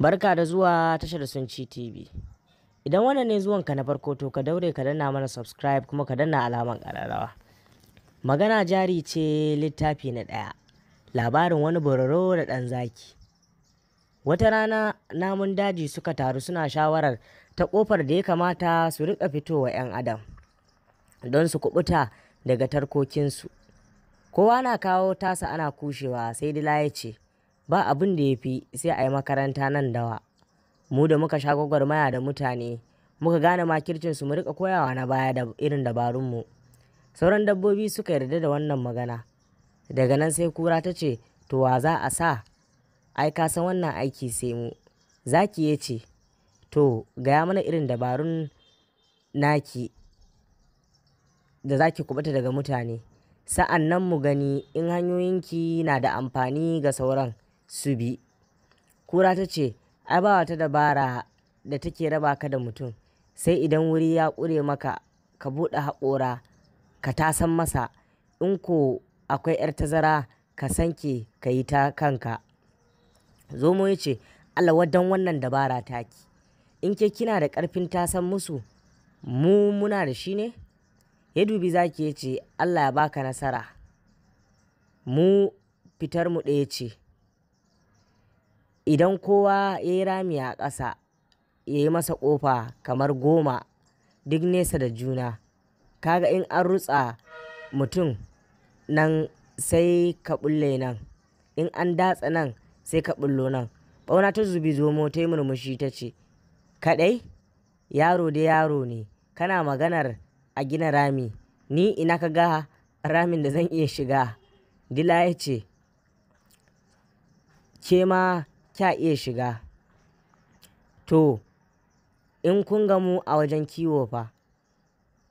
Barka da zuwa tashar Sunci TV. Idan wannan ne zuwanka na farko to ka daure ka danna mana subscribe kuma ka danna alaman ƙararrawa. Magana jari ce littafi na ɗaya. Labarin wani bororo da ɗan zaki. Wata rana namun daji suka taru suna shawarar ta ƙofar da ya kamata su riƙa fitowa 'yan adam don su kuɓuta daga tarkokinsu. Kowa na kawo tasa ana kushewa sai dila ya ce, ba abin da ya fi sai a yi makaranta nan dawa mu da muka sha gwagwarmaya da mutane muka gane makircinsu mu rika koyawa na baya da irin dabarunmu sauran dabbobi suka yarda da wannan magana daga nan sai kura ta ce to wa za a sa ai ka san wannan aiki sai mu zaki ya ce to gaya mana irin dabarun naki da zaki kubuta daga mutane sa'an nan mu gani in hanyoyinki na da amfani ga sauran su bi. Kura ta ce, ai ba wata dabara da take raba ka da mutum, sai idan wuri ya ƙure maka ka buɗe haƙora ka tasan masa, in ko akwai ‘yar tazara ka sanke ka yi ta kanka. Zomo ya ce, wadan wannan dabara taki, in ke kina da ƙarfin tasan musu, mu muna da shi ne? Ya dubi zaki ya ce, Allah ya baka nasara, mu fitar mu ɗaya ce. Idan kowa ya yi rami a ƙasa, ya yi masa ƙofa kamar goma duk nesa da juna. Kaga in an rutsa mutum nan sai ka bulle nan, in an datsa nan sai ka bullo nan. Ɓauna ta zubi zomo ta yi murmushi ta ce, Kaɗai? Yaro da yaro ne, kana maganar a gina rami, ni ina ka ga ramin da zan iya shiga. Dila ya ce, Ke ma kya iya shiga. To, in kun gamu a wajen kiwo fa,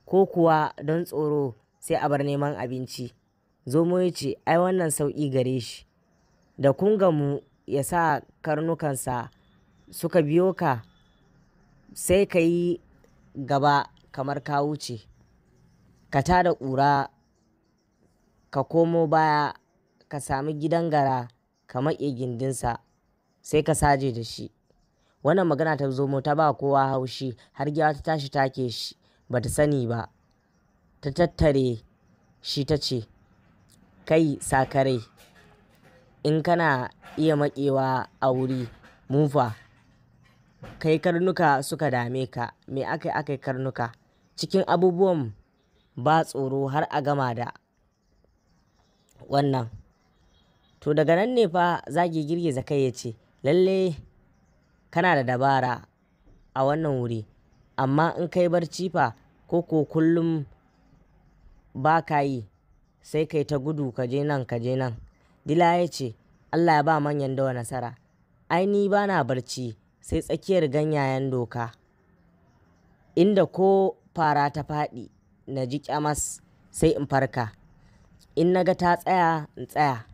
ko kuwa don tsoro sai a bar neman abinci, zomo ya ce, ai wannan sauƙi gare shi, da kun gamu ya sa karnukansa suka biyo ka, sai ka yi gaba kamar ka wuce, ka tada ƙura, ka komo baya, ka sami gidan gara, ka maƙe gindinsa. sai ka saje da shi wannan magana ta zomo ta ba kowa haushi har giwa ta tashi take shi ba ta sani ba ta tattare shi ta ce kai sakarai. in kana iya maƙewa a wuri mufa kai karnuka suka dame ka me aka aka karnuka cikin abubuwan ba tsoro har a gama da wannan to daga nan ne fa zagi girgiza kai ya ce Lallai kana da dabara a wannan wuri, amma in kai barci fa ko ko kullum ba ka yi, sai kai ta gudu ka je nan ka je nan. Dila ya ce, Allah ya ba manyan dawa nasara. Ai ni na barci sai tsakiyar ganyayen doka, inda ko fara ta faɗi na ji kyamas sai in farka. In naga ta tsaya in tsaya,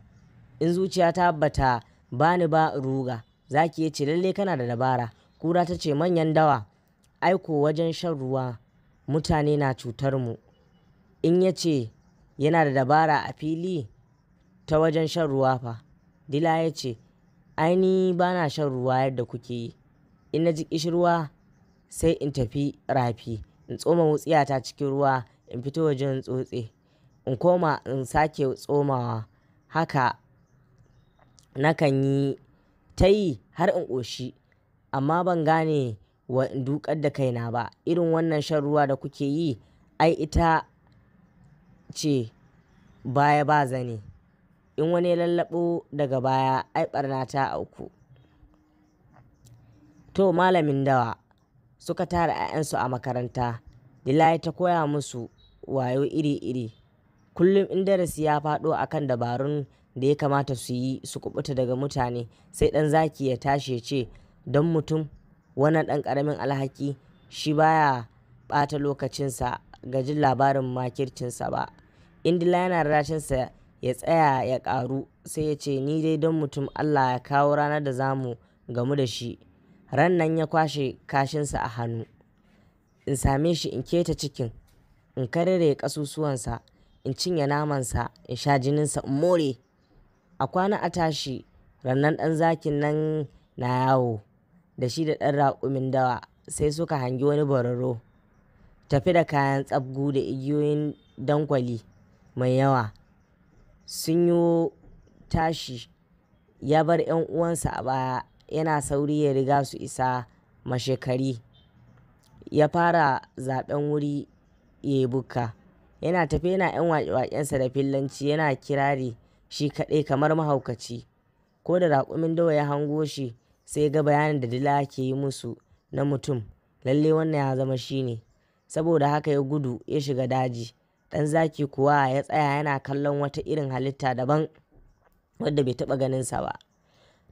in zuciya ta bata bani ba ruga zaki ya ce lalle kana da dabara kura ta ce manyan dawa aiko wajen shan ruwa mutane na cutar mu in ya ce yana da dabara a fili ta wajen shan ruwa fa dila ya ce aini ba na shan ruwa yadda kuke yi in na ji kishirwa sai in tafi rafi in tsoma wutsiyata cikin ruwa in fito wajen tsotse in koma in sake tsomawa haka nakan yi ta yi har in ƙoshi, amma ban gane wa dukar da kaina ba. Irin wannan shan ruwa da kuke yi, ai ita ce baya ba zane. In wani ya daga baya, ai barna ta auku. To malamin dawa suka tara 'ya'yansu a makaranta, Dila ta koya musu wayo iri-iri. Kullum in darasi ya faɗo akan kan dabarun da ya kamata su yi su kubuta daga mutane sai ɗan zaki ya tashi ya ce don mutum wannan ɗan karamin alhaki shi baya ɓata lokacinsa ga jin labarin makircinsa ba indila yana rashinsa ya tsaya ya ƙaru sai ya ce ni dai don mutum allah ya kawo ranar da zamu gamu da shi ran nan ya kwashe kashinsa a hannu in same shi in keta cikin in karere ƙasusuwansa in cinye namansa in sha jininsa in more a kwana a tashi rannan ɗan zakin nan na yawo da shi da ɗan raƙumin dawa sai suka hangi wani bororo tafi da kayan tsabgu da igiyoyin dankwali mai yawa sun yi tashi ya bar 'yan uwansa a baya yana sauri ya riga su isa mashekari ya fara zaben wuri ya yi bukka yana tafi yana 'yan waƙe-waƙensa da fillanci yana kirari shi kaɗai kamar mahaukaci ko da raƙumin dawa ya hango shi sai ga bayanin da dila ke yi musu na mutum lalle wannan ya zama shi ne saboda haka ya gudu ya shiga daji ɗan zaki kuwa ya tsaya yana kallon wata irin halitta daban wadda bai taɓa ganinsa ba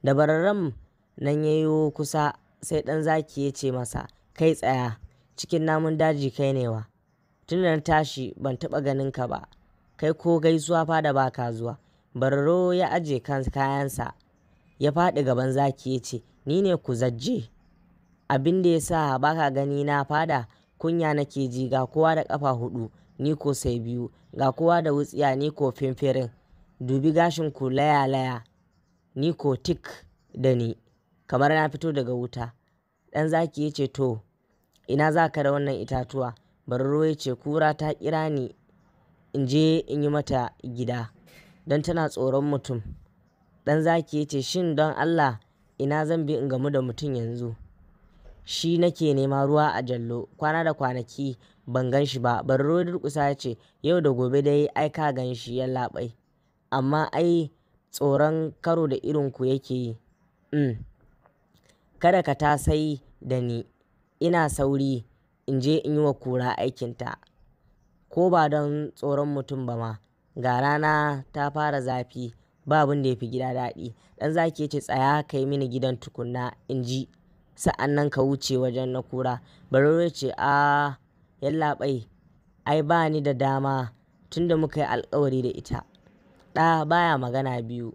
da bararren nan ya yi kusa sai ɗan zaki ya ce masa kai tsaya cikin namun daji kai newa tun da tashi ban taɓa ganin ka ba kai ko gaisuwa fa da baka zuwa Barro ya aje kayansa, ya faɗi gaban zaki ya ce, Ni ne kuzajje, abin da ya sa baka gani na fada, kunya nake ji ga kowa da ƙafa hudu ni ko sai biyu, ga kowa da wutsiya ni ko fimfirin, dubi gashinku laya-laya, ni ko tik da ni, kamar na fito daga wuta. Ɗan zaki ya ce, To, ina za ka da wannan itatuwa? Barro ya ce, Kura ta ƙira ni in je in yi mata gida. don tana tsoron mutum. Ɗan zaki ya ce, Shin don Allah ina zan bi in gamu da mutum yanzu? Shi nake nema ruwa a jallo, kwana da kwanaki ban gan shi ba. bari ruwa durkusa ya ce, Yau da gobe dai ai ka gan shi ya yallaɓai, amma ai tsoron karo da irin ku yake yi. Um, kada ka tasai da ni, ina sauri in je in yi wa kura aikinta, ko ba don tsoron mutum ba ma. ga rana ta fara zafi ba abin da ya fi gida daɗi ɗan zaki ya ce tsaya ka yi mini gidan tukunna in ji sa'an ka wuce wajen na kura bararo ya ce a yallaɓai ai ba ni da dama tun da muka yi alkawari da ita ɗa baya magana biyu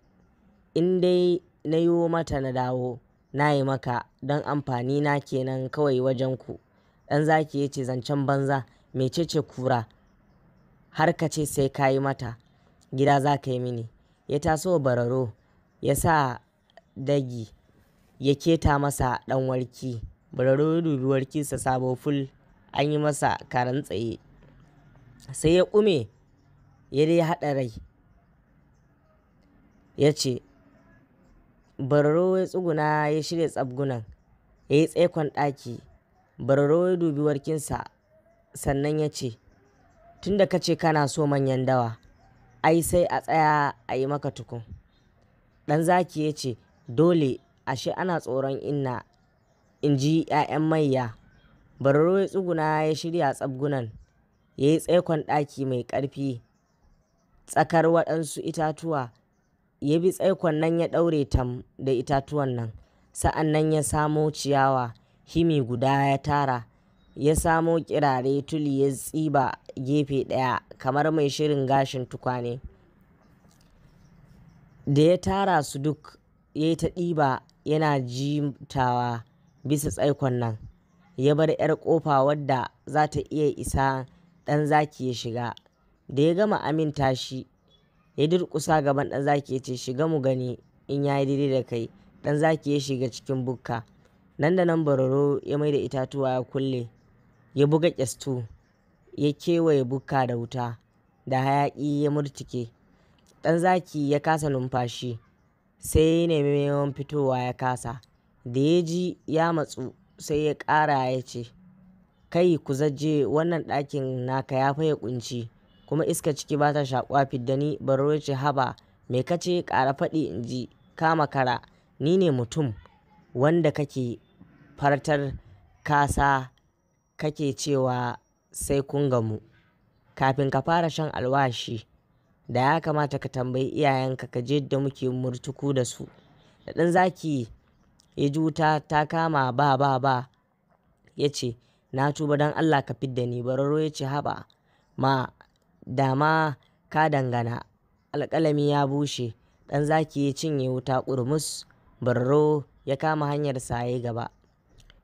in dai na yi mata na dawo na yi maka don amfani na kenan kawai wajen ku ɗan zaki ya ce zancen banza mecece kura har ka ce sai ka yi mata gida za ka yi mini ya taso bararo ya sa dagi ya keta masa ɗanwarki warki bararo ya dubi warkinsa sabo ful an yi masa karan tsaye sai ya ƙume ya dai haɗa rai ya ce bararo ya tsuguna ya shirya tsabgunan ya yi tsaikon ɗaki bararo ya dubi warkinsa sannan ya ce tun da ka ce kana so manyan dawa ai sai a tsaya a yi maka tukun ɗan zaki ya ce dole ashe ana tsoron inna in ji 'ya'yan mayya bararo ya tsuguna ya shirya tsabgunan ya yi tsaikon ɗaki mai ƙarfi tsakar waɗansu itatuwa ya bi tsaikon nan ya ɗaure tam da itatuwan nan sa'an nan ya samo ciyawa himi guda ya tara ya samo kirare tuli ya tsiba gefe ɗaya kamar mai shirin gashin tukwane da ya tara su duk ya yi ta ɗiba yana jimtawa bisa tsaikon nan ya bar 'yar ƙofa wadda za ta iya isa ɗan zaki ya shiga da ya gama aminta shi ya durƙusa gaban ɗan zaki ya ce shiga mu gani in ya yi daidai da kai ɗan zaki ya shiga cikin bukka nan da nan bararo ya mai da itatuwa ya kulle ya buga ƙyastu ya kewaye bukka da wuta da hayaƙi ya murtike ɗan zaki ya kasa numfashi sai ya nemi neman fitowa ya kasa da ya ji ya matsu sai ya ƙara ya ce kai ku zaje wannan ɗakin naka ya faye kunci kuma iska ciki ba ta shaƙwa fiddani baro ya ce haba mai kace ƙara faɗi in ji kama kara ni ne mutum wanda kake fartar kasa kake cewa sai kun gamu. Kafin ka fara shan alwashi, da ya kamata ka tambayi iyayenka ka je da muke murtuku da su. Da ɗan zaki ya ji ta kama ba ba ba ya ce, Na tuba don Allah ka fidda da ni. Bararo ya ce, Haba ma dama ka dangana. Alƙalami ya bushe. Ɗan zaki ya cinye wuta ƙurmus. Bararo ya kama hanyar saye gaba.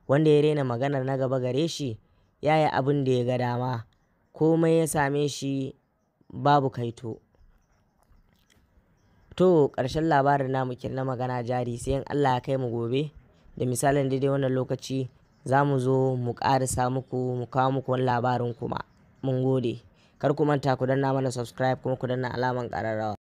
Wanda ya rena maganar na gaba gare shi ya yi abin da ya ga dama, komai ya same shi babu kaito. To ƙarshen labarin namu mukir na magana jari sai in Allah ya kai mu gobe da misalin daidai wannan lokaci za mu zo mu ƙarisa muku mu kawo muku wani labarin kuma. Mun gode. Kar ku manta ku danna mana subscribe kuma ku danna alaman ƙararrawa.